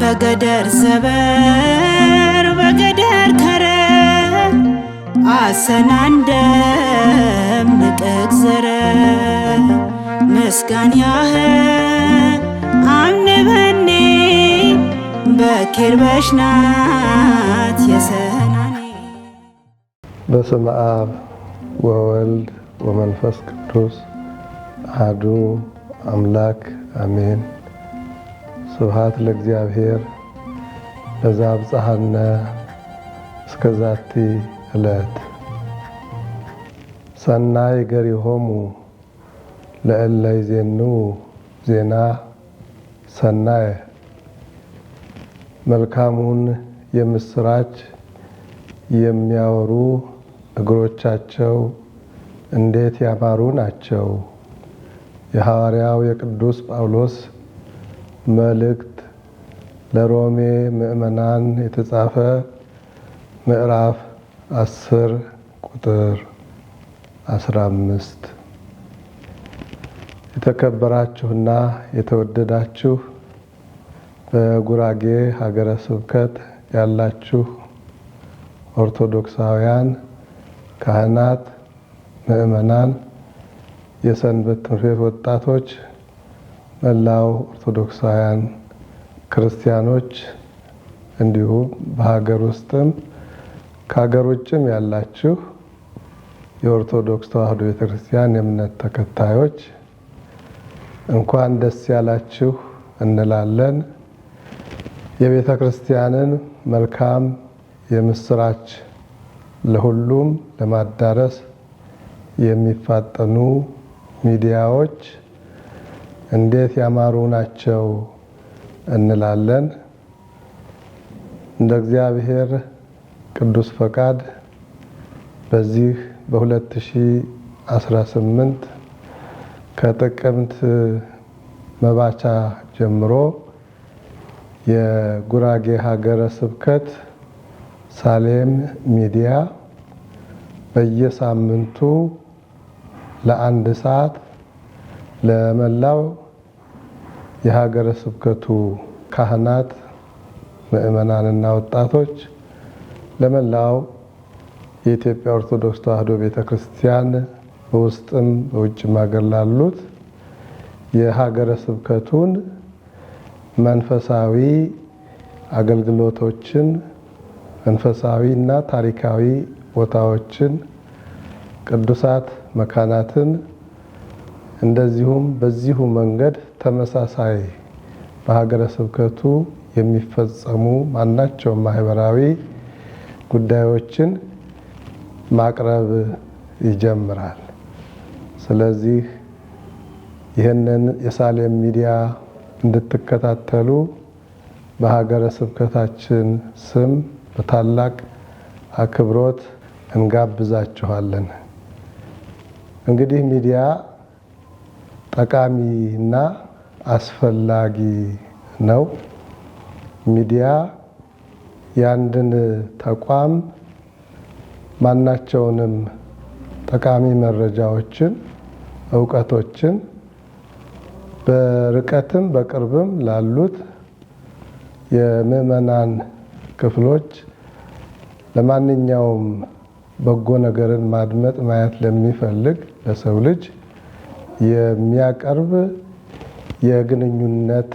በገደር ዘበር በገደር ከረ አሰናንደም ንቅቅ ዘረ ምስጋናህ አምንበኒ በኪርበሽ ናት የሰናኒ በስመ አብ ወወልድ ወመንፈስ ቅዱስ አሐዱ አምላክ አሜን። ስብሃት ለእግዚአብሔር በዛብጽሐነ እስከ ዕለት ሰናይ ገሪሆሙ ለእለ ይዜንዉ ዜና ሰናየ መልካሙን የምስራች የሚያወሩ እግሮቻቸው እንዴት ያማሩ ናቸው! የሐዋርያው የቅዱስ ጳውሎስ መልእክት ለሮሜ ምዕመናን የተጻፈ ምዕራፍ 10 ቁጥር 15 የተከበራችሁና የተወደዳችሁ በጉራጌ ሀገረ ስብከት ያላችሁ ኦርቶዶክሳውያን ካህናት፣ ምዕመናን፣ የሰንበት ትምህርት ቤት ወጣቶች መላው ኦርቶዶክሳውያን ክርስቲያኖች እንዲሁም በሀገር ውስጥም ከሀገር ውጭም ያላችሁ የኦርቶዶክስ ተዋሕዶ ቤተክርስቲያን የእምነት ተከታዮች እንኳን ደስ ያላችሁ እንላለን። የቤተ ክርስቲያንን መልካም የምስራች ለሁሉም ለማዳረስ የሚፋጠኑ ሚዲያዎች እንዴት ያማሩ ናቸው እንላለን። እንደ እግዚአብሔር ቅዱስ ፈቃድ በዚህ በ2018 ከጥቅምት መባቻ ጀምሮ የጉራጌ ሀገረ ስብከት ሳሌም ሚዲያ በየሳምንቱ ለአንድ ሰዓት ለመላው የሀገረ ስብከቱ ካህናት፣ ምእመናንና ወጣቶች ለመላው የኢትዮጵያ ኦርቶዶክስ ተዋሕዶ ቤተ ክርስቲያን በውስጥም በውጭም ሀገር ላሉት የሀገረ ስብከቱን መንፈሳዊ አገልግሎቶችን መንፈሳዊ እና ታሪካዊ ቦታዎችን ቅዱሳት መካናትን እንደዚሁም በዚሁ መንገድ ተመሳሳይ በሀገረ ስብከቱ የሚፈጸሙ ማናቸው ማህበራዊ ጉዳዮችን ማቅረብ ይጀምራል። ስለዚህ ይህንን የሳሌም ሚዲያ እንድትከታተሉ በሀገረ ስብከታችን ስም በታላቅ አክብሮት እንጋብዛችኋለን። እንግዲህ ሚዲያ ጠቃሚ እና አስፈላጊ ነው። ሚዲያ የአንድን ተቋም ማናቸውንም ጠቃሚ መረጃዎችን፣ እውቀቶችን በርቀትም በቅርብም ላሉት የምዕመናን ክፍሎች ለማንኛውም በጎ ነገርን ማድመጥ ማየት ለሚፈልግ ለሰው ልጅ የሚያቀርብ የግንኙነት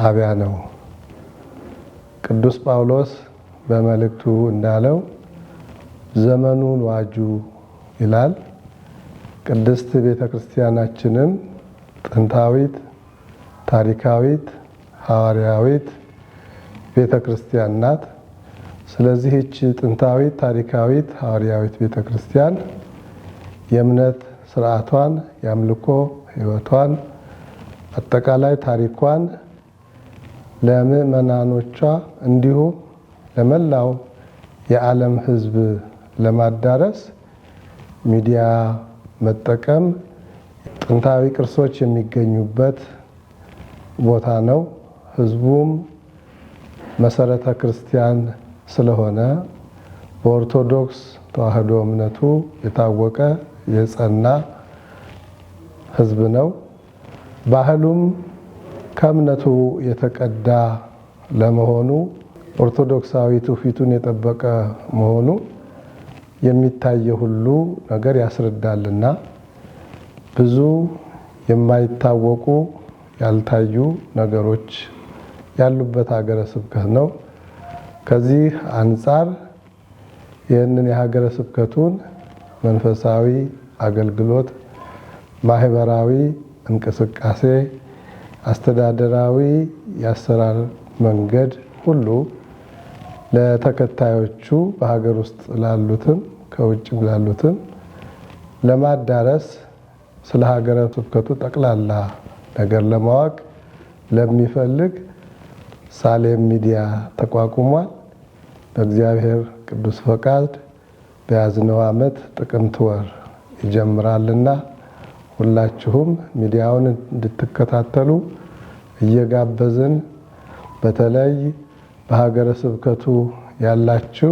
ጣቢያ ነው። ቅዱስ ጳውሎስ በመልእክቱ እንዳለው ዘመኑን ዋጁ ይላል። ቅድስት ቤተ ክርስቲያናችንም ጥንታዊት፣ ታሪካዊት፣ ሐዋርያዊት ቤተ ክርስቲያን ናት። ስለዚህች ጥንታዊት፣ ታሪካዊት፣ ሐዋርያዊት ቤተ ክርስቲያን የእምነት ስርዓቷን፣ የአምልኮ ህይወቷን፣ አጠቃላይ ታሪኳን ለምዕመናኖቿ እንዲሁም ለመላው የዓለም ህዝብ ለማዳረስ ሚዲያ መጠቀም ጥንታዊ ቅርሶች የሚገኙበት ቦታ ነው። ህዝቡም መሰረተ ክርስቲያን ስለሆነ በኦርቶዶክስ ተዋህዶ እምነቱ የታወቀ የጸና ህዝብ ነው። ባህሉም ከእምነቱ የተቀዳ ለመሆኑ ኦርቶዶክሳዊ ትውፊቱን የጠበቀ መሆኑ የሚታየ ሁሉ ነገር ያስረዳልና ብዙ የማይታወቁ ያልታዩ ነገሮች ያሉበት ሀገረ ስብከት ነው። ከዚህ አንጻር ይህንን የሀገረ ስብከቱን መንፈሳዊ አገልግሎት፣ ማህበራዊ እንቅስቃሴ፣ አስተዳደራዊ የአሰራር መንገድ ሁሉ ለተከታዮቹ በሀገር ውስጥ ላሉትም ከውጭም ላሉትም ለማዳረስ ስለ ሀገረ ስብከቱ ጠቅላላ ነገር ለማወቅ ለሚፈልግ ሳሌም ሚዲያ ተቋቁሟል። በእግዚአብሔር ቅዱስ ፈቃድ በያዝነው ዓመት ጥቅምት ወር ይጀምራልና ሁላችሁም ሚዲያውን እንድትከታተሉ እየጋበዝን በተለይ በሀገረ ስብከቱ ያላችሁ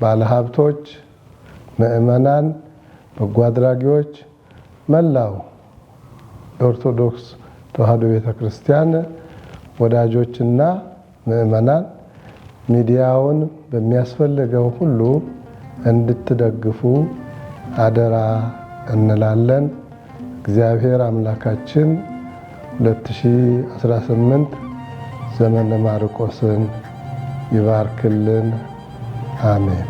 ባለሀብቶች፣ ምዕመናን፣ በጎ አድራጊዎች፣ መላው የኦርቶዶክስ ተዋሕዶ ቤተ ክርስቲያን ወዳጆችና ምዕመናን ሚዲያውን በሚያስፈልገው ሁሉ እንድትደግፉ አደራ እንላለን። እግዚአብሔር አምላካችን 2018 ዘመነ ማርቆስን ይባርክልን። አሜን።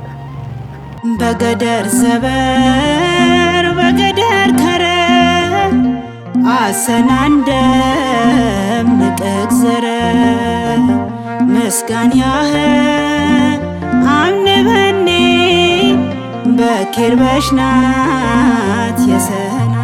በገደር ዘበር በገደር ከረ አሰናንደም ንጥቅ ዘረ ምስጋን ያህ አንበ በኬርበሽ ናት የሰና